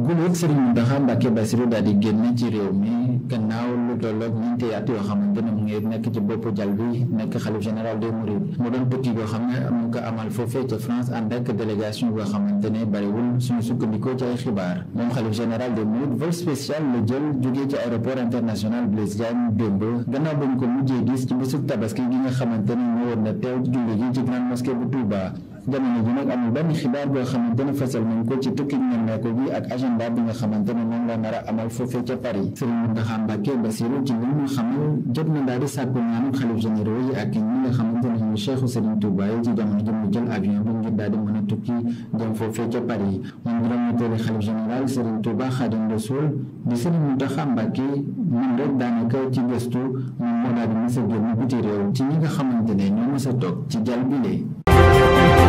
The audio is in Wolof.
guléet Serigne Mountakha Mbacké Bassirou daal di génn ci réew mi gannaaw lu tolloog ñeenti at yoo xamante ne mu ngi nekk ci bopp jal bi nekk xalif général de Mourides mu doon tukki yoo xam ne mu ngi ko amal foofee ca France ànd ak délégation yoo xamante ne bariwul suñu sukkandikoo ci ay xibaar moom xalif général des Mourides vol spécial la jël jógee ci aéroport international Blaise Diagne démb gannaaw ba ñu ko mujjee gis ci bésub tabaski gi nga xamante ne ñëwoon na teew julli gi ci grande mosquée bu Touba jamono ji nag amul benn xibaar boo xamante ne fësal nañ ko ci tukki nemmeeku bi ak agenda bi nga xamante ne moom la nar a amal foofee ca Paris. Serigne Mountakha Mbacké Bassirou ci li jot na daal di sàkku ñaanam xalif généraux yi ak ñi nga xamante ne ñu Cheikhu Serigne Touba yi ci jamono ji mu jël avion bi ngir daal di a tukki jëm foofee ca Paris moom juróom-ñetteeli xalif général Serigne Touba Khadim Rassoul di Serigne Mountakha Mbacké moom rek daanaka ci gëstu moom moo daal di mës a génn ci ñi nga xamante ne ñoo mës ci jal bile